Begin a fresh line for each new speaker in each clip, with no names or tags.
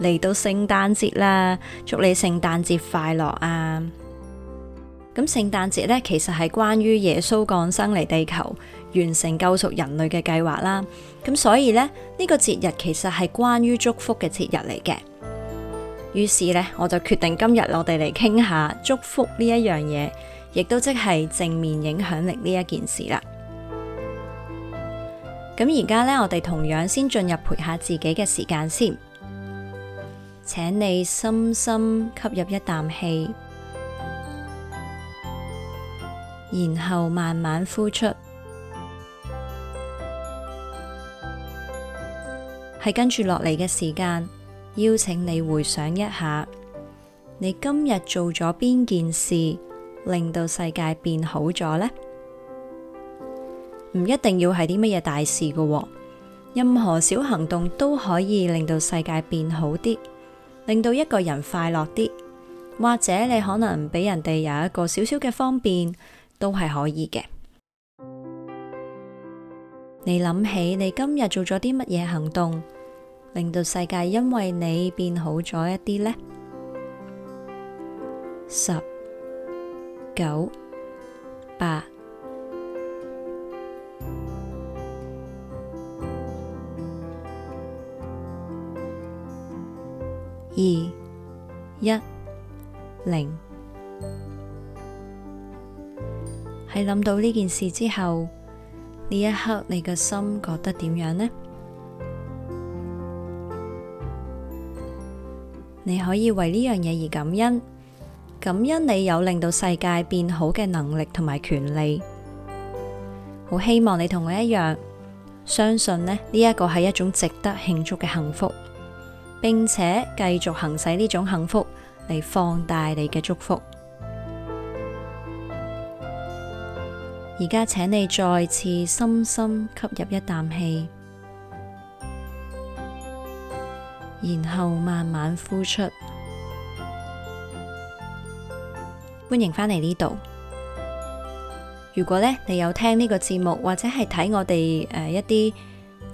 嚟到聖誕節啦，祝你聖誕節快樂啊！咁聖誕節咧，其實係關於耶穌降生嚟地球，完成救贖人類嘅計劃啦。咁所以咧，呢個節日其實係關於祝福嘅節日嚟嘅。於是咧，我就決定今日我哋嚟傾下祝福呢一樣嘢，亦都即係正面影響力呢一件事啦。咁而家咧，我哋同樣先進入陪下自己嘅時間先。請你深深吸入一啖氣，然後慢慢呼出。係跟住落嚟嘅時間，邀請你回想一下，你今日做咗邊件事令到世界變好咗呢？唔一定要係啲乜嘢大事㗎喎，任何小行動都可以令到世界變好啲。令到一個人快樂啲，或者你可能俾人哋有一個少少嘅方便，都係可以嘅。你諗起你今日做咗啲乜嘢行動，令到世界因為你變好咗一啲呢？十、九、八。二一零。喺諗到呢件事之後，呢一刻你嘅心覺得點樣呢？你可以為呢樣嘢，而感恩，感恩你有令到世界變好嘅能力同埋權利。好希望你同我一樣，相信呢呢一個係一種值得慶祝嘅幸福。並且繼續行使呢種幸福嚟，放大你嘅祝福。而家請你再次深深吸入一啖氣，然後慢慢呼出。歡迎返嚟呢度。如果咧你有聽呢個節目，或者係睇我哋一啲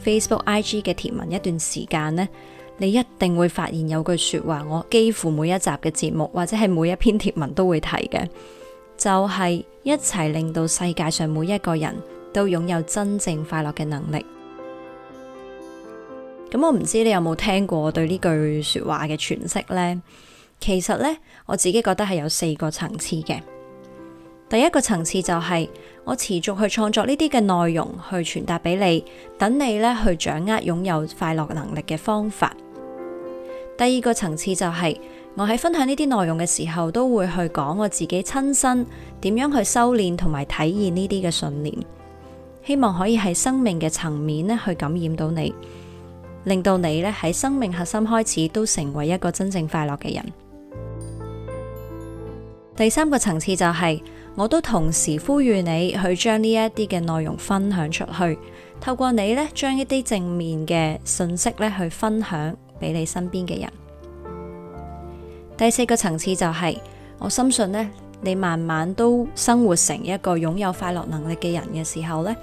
Facebook、IG 嘅貼文，一段時間咧。你一定會發現有句說話，我幾乎每一集嘅節目或者係每一篇貼文都會提嘅，就係、是、一齊令到世界上每一個人都擁有真正快樂嘅能力。咁我唔知你有冇聽過對呢句說話嘅詮釋呢？其實呢，我自己覺得係有四個層次嘅。第一個層次就係、是、我持續去創作呢啲嘅內容去傳達俾你，等你呢去掌握擁，擁有快樂能力嘅方法。第二個層次就係我喺分享呢啲內容嘅時候，都會去講我自己親身點樣去修煉同埋體驗呢啲嘅信念，希望可以喺生命嘅層面呢去感染到你，令到你呢喺生命核心開始都成為一個真正快樂嘅人。第三個層次就係我都同時呼籲你去將呢一啲嘅內容分享出去，透過你呢將一啲正面嘅信息呢去分享。俾你身邊嘅人。第四個層次就係，我深信呢，你慢慢都生活成一個擁有快樂能力嘅人嘅時候呢，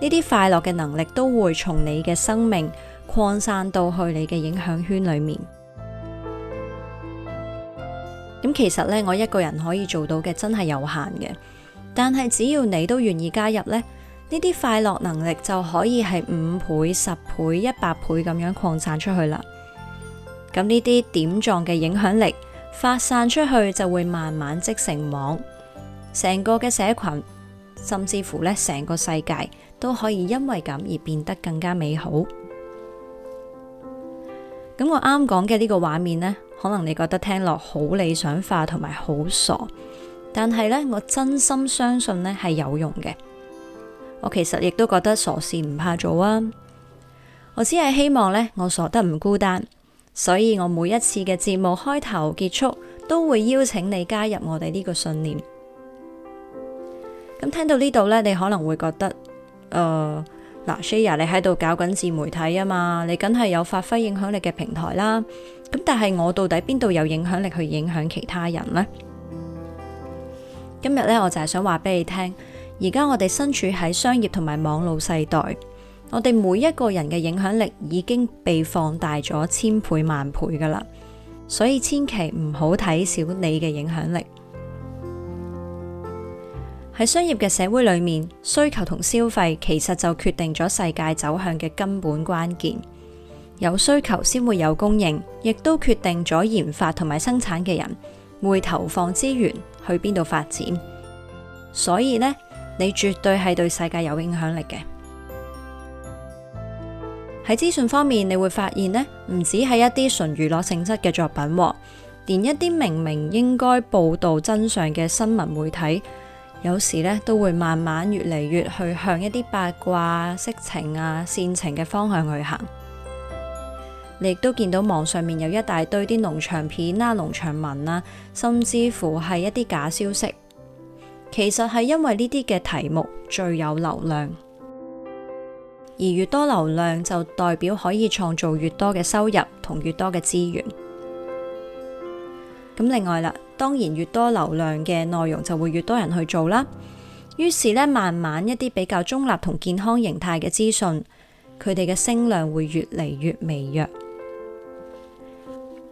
呢啲快樂嘅能力都會從你嘅生命擴散到去你嘅影響圈裏面。咁其實呢，我一個人可以做到嘅真係有限嘅，但係只要你都願意加入咧，呢啲快樂能力就可以係五倍、十倍、一百倍咁樣擴散出去啦。咁呢啲點狀嘅影響力發散出去，就會慢慢積成網，成個嘅社群，甚至乎呢成個世界都可以因為咁而變得更加美好。咁我啱講嘅呢個畫面呢，可能你覺得聽落好理想化，同埋好傻，但係呢，我真心相信呢係有用嘅。我其實亦都覺得傻事唔怕做啊，我只係希望呢，我傻得唔孤單。所以我每一次嘅節目開頭結束，都會邀請你加入我哋呢個信念。咁聽到呢度呢，你可能會覺得，誒、呃，嗱，Share 你喺度搞緊自媒體啊嘛，你梗係有發揮影響力嘅平台啦。咁但係我到底邊度有影響力去影響其他人呢？今日呢，我就係想話俾你聽，而家我哋身處喺商業同埋網路世代。我哋每一個人嘅影響力已經被放大咗千倍萬倍噶啦，所以千祈唔好睇小你嘅影響力。喺商業嘅社會裏面，需求同消費其實就決定咗世界走向嘅根本關鍵。有需求先會有供應，亦都決定咗研發同埋生產嘅人會投放資源去邊度發展。所以呢，你絕對係對世界有影響力嘅。喺資訊方面，你會發現呢，唔止係一啲純娛樂性質嘅作品，連一啲明明應該報道真相嘅新聞媒體，有時呢都會慢慢越嚟越去向一啲八卦、色情啊、煽情嘅方向去行。你亦都見到網上面有一大堆啲農場片啊、農場文啊，甚至乎係一啲假消息。其實係因為呢啲嘅題目最有流量。而越多流量就代表可以創造越多嘅收入同越多嘅資源。咁另外啦，當然越多流量嘅內容就會越多人去做啦。於是呢，慢慢一啲比較中立同健康形態嘅資訊，佢哋嘅聲量會越嚟越微弱。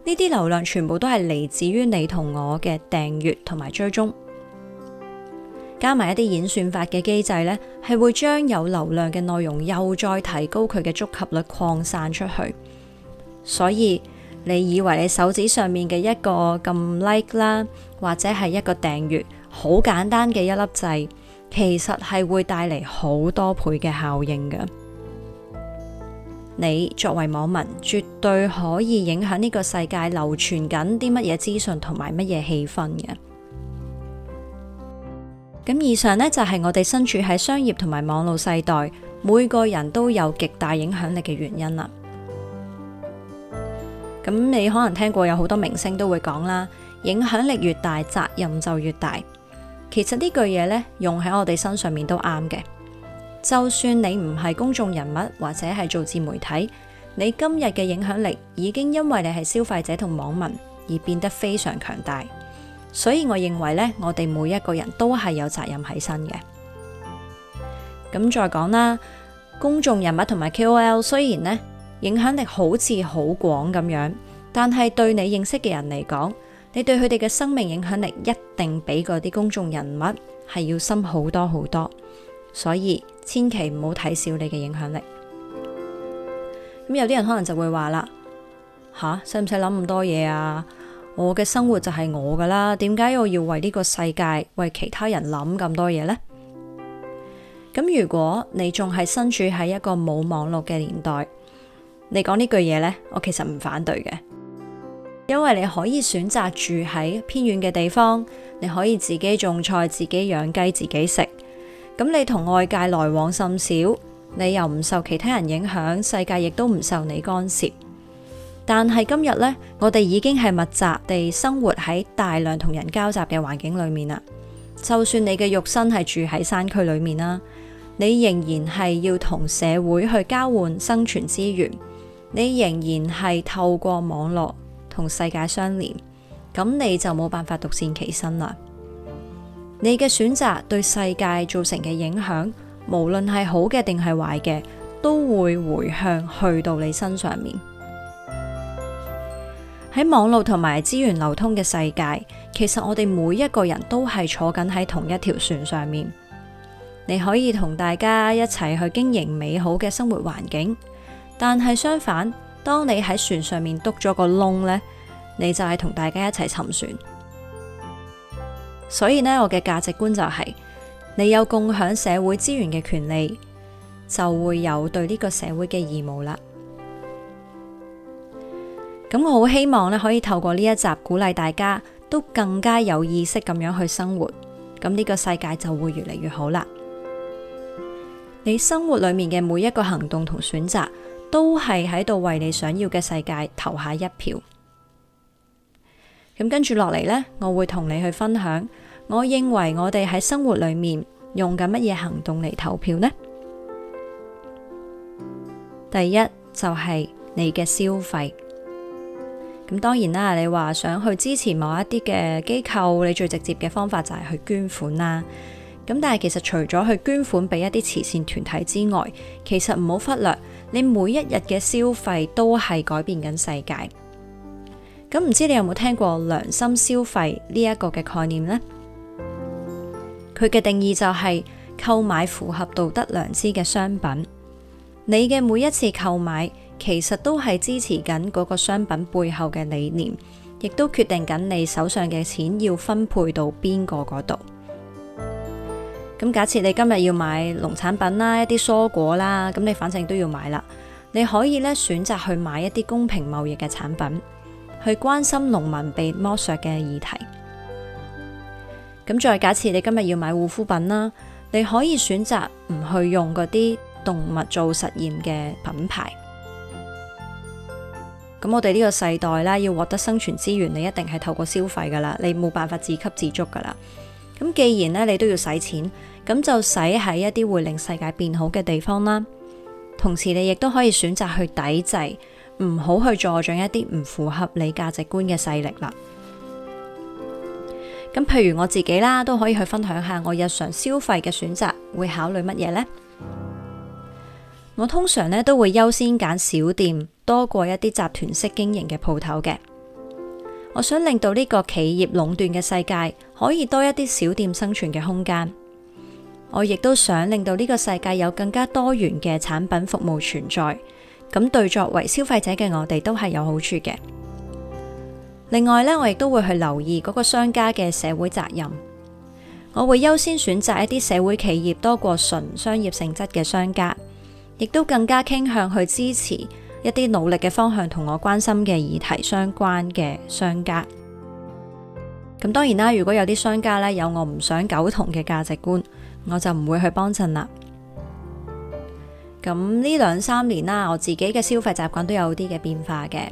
呢啲流量全部都係嚟自於你同我嘅訂閱同埋追蹤。加埋一啲演算法嘅機制呢係會將有流量嘅內容又再提高佢嘅觸及率，擴散出去。所以你以為你手指上面嘅一個咁 like 啦，或者係一個訂閱，好簡單嘅一粒掣，其實係會帶嚟好多倍嘅效應嘅。你作為網民，絕對可以影響呢個世界流傳緊啲乜嘢資訊同埋乜嘢氣氛嘅。咁以上呢，就係我哋身處喺商業同埋網絡世代，每個人都有極大影響力嘅原因啦。咁你可能聽過有好多明星都會講啦，影響力越大，責任就越大。其實呢句嘢呢，用喺我哋身上面都啱嘅。就算你唔係公眾人物，或者係做自媒體，你今日嘅影響力已經因為你係消費者同網民而變得非常強大。所以我認為咧，我哋每一個人都係有責任喺身嘅。咁再講啦，公眾人物同埋 KOL 雖然呢，影響力好似好廣咁樣，但係對你認識嘅人嚟講，你對佢哋嘅生命影響力一定比嗰啲公眾人物係要深好多好多。所以千祈唔好睇小你嘅影響力。咁有啲人可能就會話啦，吓？使唔使諗咁多嘢啊？要我嘅生活就係我㗎啦，點解我要為呢個世界、為其他人諗咁多嘢呢？咁如果你仲係身處喺一個冇網絡嘅年代，你講呢句嘢呢，我其實唔反對嘅，因為你可以選擇住喺偏遠嘅地方，你可以自己種菜、自己養雞、自己食。咁你同外界來往甚少，你又唔受其他人影響，世界亦都唔受你干涉。但係今日咧，我哋已經係密集地生活喺大量同人交集嘅環境裏面啦。就算你嘅肉身係住喺山區裏面啦，你仍然係要同社會去交換生存資源，你仍然係透過網絡同世界相連，咁你就冇辦法獨善其身啦。你嘅選擇對世界造成嘅影響，無論係好嘅定係壞嘅，都會回向去到你身上面。喺網絡同埋資源流通嘅世界，其實我哋每一個人都係坐緊喺同一條船上面。你可以同大家一齊去經營美好嘅生活環境，但係相反，當你喺船上面篤咗個窿呢，你就係同大家一齊沉船。所以呢，我嘅價值觀就係，你有共享社會資源嘅權利，就會有對呢個社會嘅義務啦。咁我好希望咧，可以透過呢一集鼓勵大家，都更加有意識咁樣去生活。咁呢個世界就會越嚟越好啦。你生活裏面嘅每一個行動同選擇，都係喺度為你想要嘅世界投下一票。咁跟住落嚟呢，我會同你去分享，我認為我哋喺生活裏面用緊乜嘢行動嚟投票呢？第一就係你嘅消費。咁當然啦，你話想去支持某一啲嘅機構，你最直接嘅方法就係去捐款啦。咁但係其實除咗去捐款俾一啲慈善團體之外，其實唔好忽略，你每一日嘅消費都係改變緊世界。咁唔知你有冇聽過良心消費呢一個嘅概念呢？佢嘅定義就係購買符合道德良知嘅商品。你嘅每一次購買，其實都係支持緊嗰個商品背後嘅理念，亦都決定緊你手上嘅錢要分配到邊個嗰度。咁假設你今日要買農產品啦，一啲蔬果啦，咁你反正都要買啦，你可以咧選擇去買一啲公平貿易嘅產品，去關心農民被剝削嘅議題。咁再假設你今日要買護膚品啦，你可以選擇唔去用嗰啲動物做實驗嘅品牌。咁我哋呢個世代啦，要獲得生存資源，你一定係透過消費噶啦，你冇辦法自給自足噶啦。咁既然呢，你都要使錢，咁就使喺一啲會令世界變好嘅地方啦。同時，你亦都可以選擇去抵制，唔好去助長一啲唔符合你價值觀嘅勢力啦。咁，譬如我自己啦，都可以去分享下我日常消費嘅選擇，會考慮乜嘢呢？我通常呢，都會優先揀小店。多過一啲集團式經營嘅鋪頭嘅，我想令到呢個企業壟斷嘅世界可以多一啲小店生存嘅空間。我亦都想令到呢個世界有更加多元嘅產品服務存在，咁對作為消費者嘅我哋都係有好處嘅。另外呢，我亦都會去留意嗰個商家嘅社會責任，我會優先選擇一啲社會企業多過純商業性質嘅商家，亦都更加傾向去支持。一啲努力嘅方向同我關心嘅議題相關嘅商家，咁當然啦。如果有啲商家呢，有我唔想苟同嘅價值觀，我就唔會去幫襯啦。咁呢兩三年啦，我自己嘅消費習慣都有啲嘅變化嘅，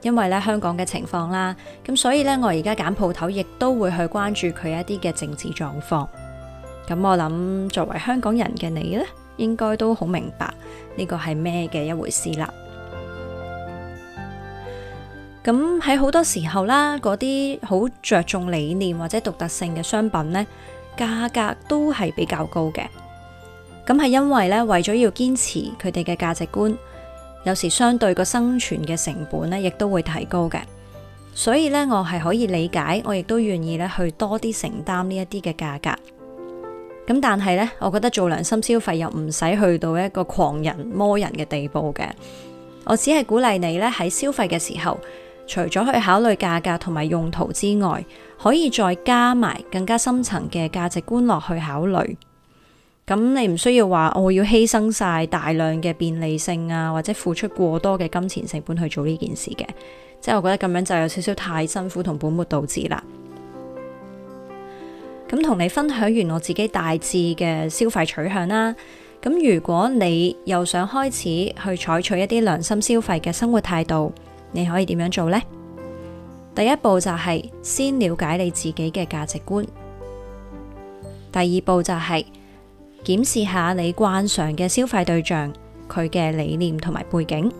因為呢香港嘅情況啦，咁所以呢，我而家揀鋪頭亦都會去關注佢一啲嘅政治狀況。咁我諗作為香港人嘅你呢，應該都好明白呢個係咩嘅一回事啦。咁喺好多時候啦，嗰啲好着重理念或者獨特性嘅商品呢，價格都係比較高嘅。咁係因為呢，為咗要堅持佢哋嘅價值觀，有時相對個生存嘅成本呢，亦都會提高嘅。所以呢，我係可以理解，我亦都願意呢去多啲承擔呢一啲嘅價格。咁但係呢，我覺得做良心消費又唔使去到一個狂人、魔人嘅地步嘅。我只係鼓勵你呢，喺消費嘅時候。除咗去考慮價格同埋用途之外，可以再加埋更加深層嘅價值觀落去考慮。咁你唔需要話我要犧牲晒大量嘅便利性啊，或者付出過多嘅金錢成本去做呢件事嘅。即係我覺得咁樣就有少少太辛苦同本末倒置啦。咁同你分享完我自己大致嘅消費取向啦。咁如果你又想開始去採取一啲良心消費嘅生活態度，你可以點樣做呢？第一步就係先了解你自己嘅價值觀。第二步就係檢視下你慣常嘅消費對象，佢嘅理念同埋背景。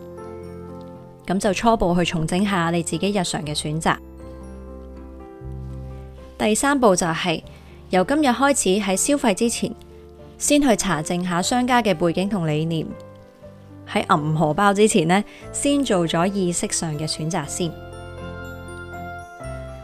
咁就初步去重整下你自己日常嘅選擇。第三步就係由今日開始，喺消費之前，先去查證下商家嘅背景同理念。喺揞荷包之前呢，先做咗意識上嘅選擇先。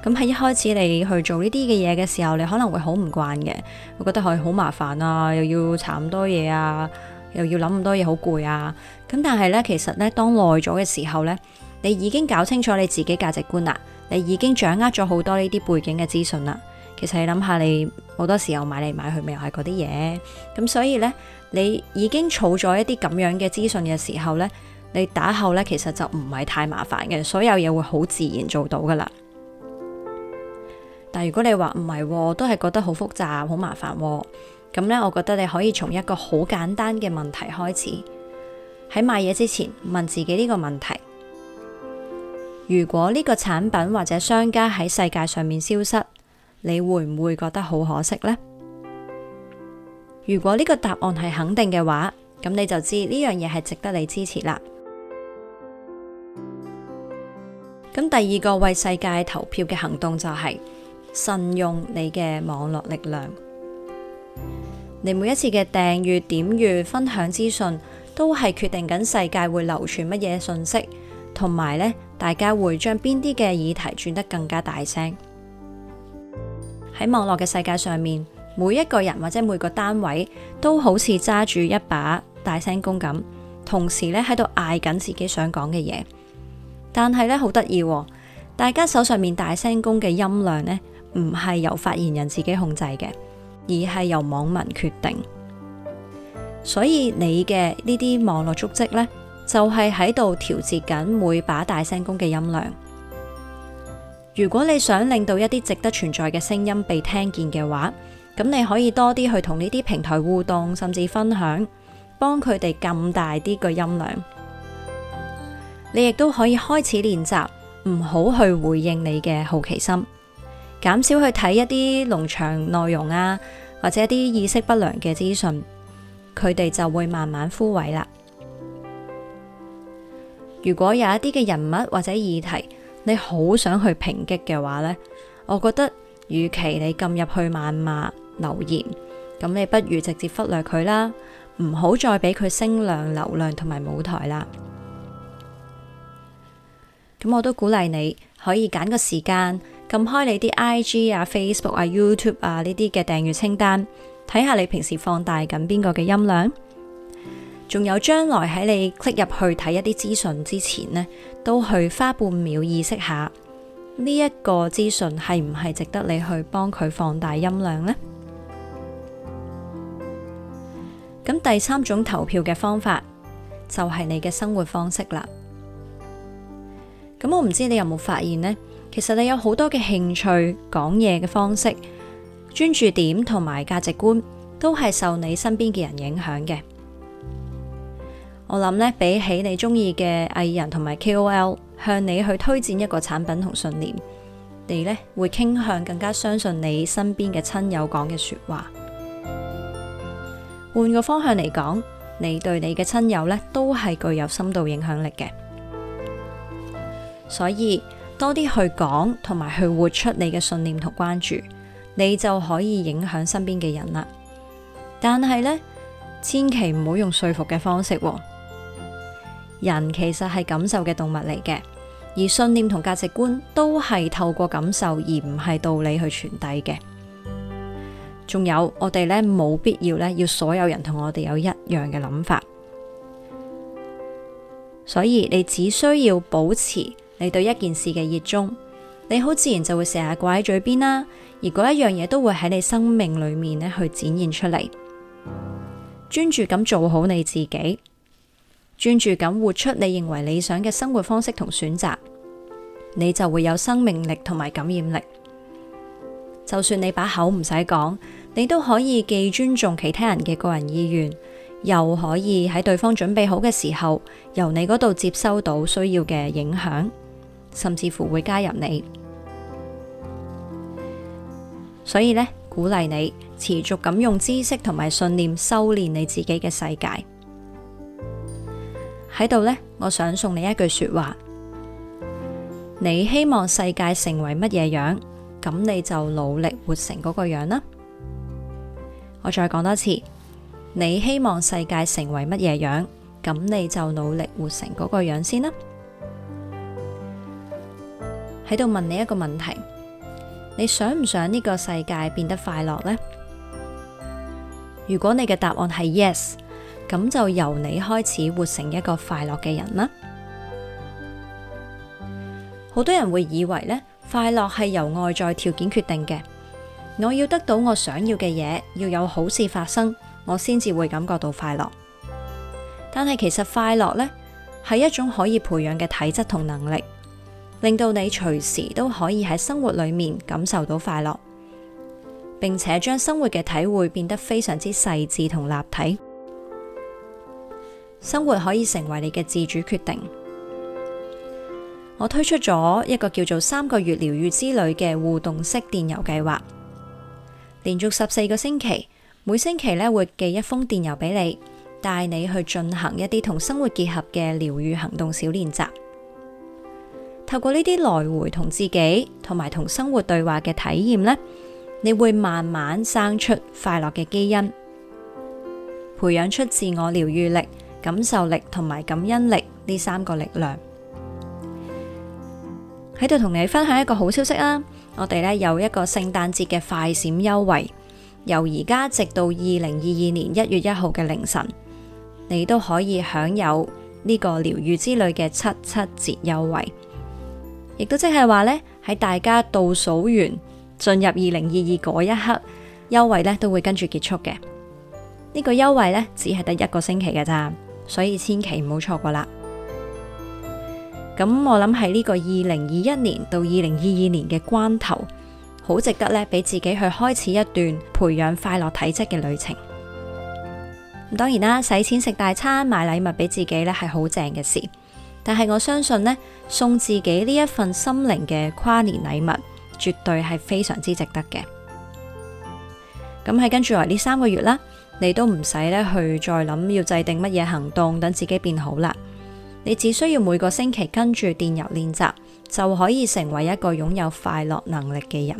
咁喺一開始你去做呢啲嘅嘢嘅時候，你可能會好唔慣嘅，會覺得佢好麻煩啊，又要查咁多嘢啊，又要諗咁多嘢，好攰啊。咁但係呢，其實呢，當耐咗嘅時候呢，你已經搞清楚你自己價值觀啦，你已經掌握咗好多呢啲背景嘅資訊啦。其實你諗下，你好多時候買嚟買去，咪又係嗰啲嘢，咁，所以呢，你已經儲咗一啲咁樣嘅資訊嘅時候呢，你打後呢，其實就唔係太麻煩嘅，所有嘢會好自然做到噶啦。但如果你話唔係，都係覺得好複雜、好麻煩咁呢，我覺得你可以從一個好簡單嘅問題開始。喺買嘢之前問自己呢個問題：如果呢個產品或者商家喺世界上面消失？你會唔會覺得好可惜呢？如果呢個答案係肯定嘅話，咁你就知呢樣嘢係值得你支持啦。咁第二個為世界投票嘅行動就係慎用你嘅網絡力量。你每一次嘅訂閱、點閱、分享資訊，都係決定緊世界會流傳乜嘢信息，同埋呢，大家會將邊啲嘅議題轉得更加大聲。喺網絡嘅世界上面，每一個人或者每個單位都好似揸住一把大聲公咁，同時咧喺度嗌緊自己想講嘅嘢。但係咧，好得意喎，大家手上面大聲公嘅音量咧，唔係由發言人自己控制嘅，而係由網民決定。所以你嘅呢啲網絡足跡咧，就係喺度調節緊每把大聲公嘅音量。如果你想令到一啲值得存在嘅聲音被聽見嘅話，咁你可以多啲去同呢啲平台互動，甚至分享，幫佢哋咁大啲個音量。你亦都可以開始練習，唔好去回應你嘅好奇心，減少去睇一啲農場內容啊，或者一啲意識不良嘅資訊，佢哋就會慢慢枯萎啦。如果有一啲嘅人物或者議題，你好想去抨擊嘅話呢，我覺得與其你撳入去謾罵、留言，咁你不如直接忽略佢啦，唔好再俾佢聲量流量同埋舞台啦。咁我都鼓勵你可以揀個時間撳開你啲 IG 啊、Facebook 啊、YouTube 啊呢啲嘅訂閱清單，睇下你平時放大緊邊個嘅音量。仲有將來喺你 click 入去睇一啲資訊之前呢，都去花半秒意識下呢一個資訊係唔係值得你去幫佢放大音量呢？咁第三種投票嘅方法就係你嘅生活方式啦。咁我唔知你有冇發現呢？其實你有好多嘅興趣、講嘢嘅方式、專注點同埋價值觀都係受你身邊嘅人影響嘅。我諗咧，比起你中意嘅藝人同埋 KOL 向你去推薦一個產品同信念，你呢會傾向更加相信你身邊嘅親友講嘅說話。換個方向嚟講，你對你嘅親友呢都係具有深度影響力嘅，所以多啲去講同埋去活出你嘅信念同關注，你就可以影響身邊嘅人啦。但係呢，千祈唔好用說服嘅方式。人其實係感受嘅動物嚟嘅，而信念同價值觀都係透過感受而唔係道理去傳遞嘅。仲有，我哋咧冇必要咧要所有人同我哋有一樣嘅諗法，所以你只需要保持你對一件事嘅熱衷，你好自然就會成日掛喺嘴邊啦。而嗰一樣嘢都會喺你生命裏面咧去展現出嚟。專注咁做好你自己。專注咁活出你認為理想嘅生活方式同選擇，你就會有生命力同埋感染力。就算你把口唔使講，你都可以既尊重其他人嘅個人意願，又可以喺對方準備好嘅時候，由你嗰度接收到需要嘅影響，甚至乎會加入你。所以呢，鼓勵你持續咁用知識同埋信念，修練你自己嘅世界。喺度呢，我想送你一句說話：你希望世界成為乜嘢樣，咁你就努力活成嗰個樣啦。我再講多次，你希望世界成為乜嘢樣，咁你就努力活成嗰個樣先啦。喺度問你一個問題：你想唔想呢個世界變得快樂呢？如果你嘅答案係 yes。咁就由你開始活成一個快樂嘅人啦。好多人會以為咧，快樂係由外在條件決定嘅。我要得到我想要嘅嘢，要有好事發生，我先至會感覺到快樂。但係其實快樂呢，係一種可以培養嘅體質同能力，令到你隨時都可以喺生活裏面感受到快樂，並且將生活嘅體會變得非常之細緻同立體。生活可以成為你嘅自主決定。我推出咗一個叫做三個月療癒之旅嘅互動式電郵計劃，連續十四個星期，每星期呢會寄一封電郵俾你，帶你去進行一啲同生活結合嘅療癒行動小練習。透過呢啲來回同自己同埋同生活對話嘅體驗呢，你會慢慢生出快樂嘅基因，培養出自我療癒力。感受力同埋感恩力呢三個力量。喺度同你分享一個好消息啦！我哋咧有一個聖誕節嘅快閃優惠，由而家直到二零二二年一月一號嘅凌晨，你都可以享有呢個療癒之旅嘅七七折優惠，亦都即係話呢，喺大家倒數完進入二零二二嗰一刻，優惠呢都會跟住結束嘅。呢、這個優惠呢，只係得一個星期嘅咋。所以千祈唔好錯過啦！咁我諗喺呢個二零二一年到二零二二年嘅關頭，好值得咧，俾自己去開始一段培養快樂體質嘅旅程。咁當然啦，使錢食大餐、買禮物俾自己咧係好正嘅事，但係我相信呢，送自己呢一份心靈嘅跨年禮物，絕對係非常之值得嘅。咁喺跟住嚟呢三個月啦。你都唔使咧去再諗要制定乜嘢行動，等自己變好啦。你只需要每個星期跟住電郵練習，就可以成為一個擁有快樂能力嘅人，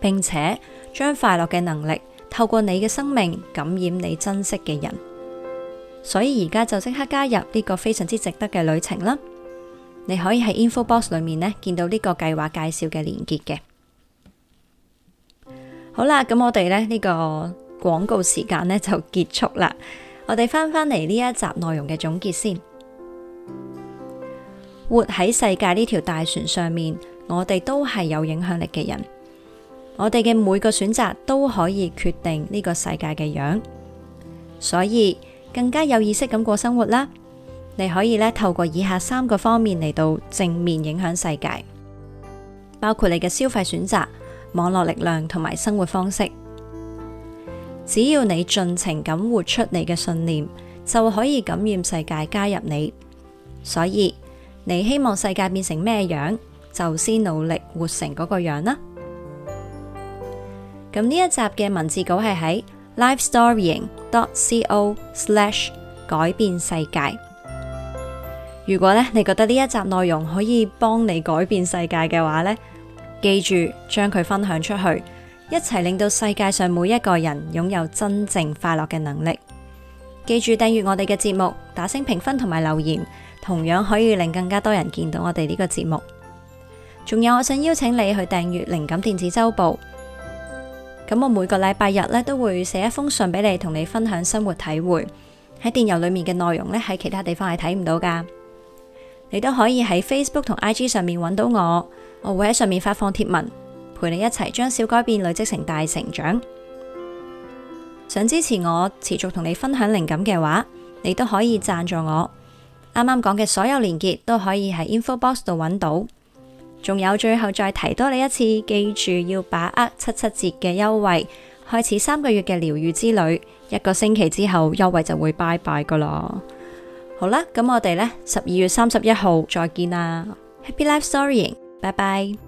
並且將快樂嘅能力透過你嘅生命感染你珍惜嘅人。所以而家就即刻加入呢個非常之值得嘅旅程啦！你可以喺 info box 裏面呢見到呢個計劃介紹嘅連結嘅。好啦，咁我哋呢呢、呢個。廣告時間呢就結束啦，我哋翻返嚟呢一集內容嘅總結先。活喺世界呢條大船上面，我哋都係有影響力嘅人，我哋嘅每個選擇都可以決定呢個世界嘅樣，所以更加有意識咁過生活啦。你可以咧透過以下三個方面嚟到正面影響世界，包括你嘅消費選擇、網絡力量同埋生活方式。只要你盡情咁活出你嘅信念，就可以感染世界加入你。所以你希望世界變成咩樣，就先努力活成嗰個樣啦。咁呢一集嘅文字稿係喺 livestorying.co slash 改變世界。如果咧你覺得呢一集內容可以幫你改變世界嘅話咧，記住將佢分享出去。一齊令到世界上每一個人擁有真正快樂嘅能力。記住訂閱我哋嘅節目，打聲評分同埋留言，同樣可以令更加多人見到我哋呢個節目。仲有，我想邀請你去訂閱靈感電子周報。咁我每個禮拜日呢都會寫一封信俾你，同你分享生活體會。喺電郵裏面嘅內容呢，喺其他地方係睇唔到噶。你都可以喺 Facebook 同 IG 上面揾到我，我會喺上面發放貼文。陪你一齊將小改變累積成大成長。想支持我持續同你分享靈感嘅話，你都可以贊助我。啱啱講嘅所有連結都可以喺 info box 度揾到。仲有最後再提多你一次，記住要把握七七折嘅優惠，開始三個月嘅療癒之旅。一個星期之後，優惠就會拜拜噶啦。好啦，咁我哋呢，十二月三十一號再見啦，Happy Life Story，拜拜。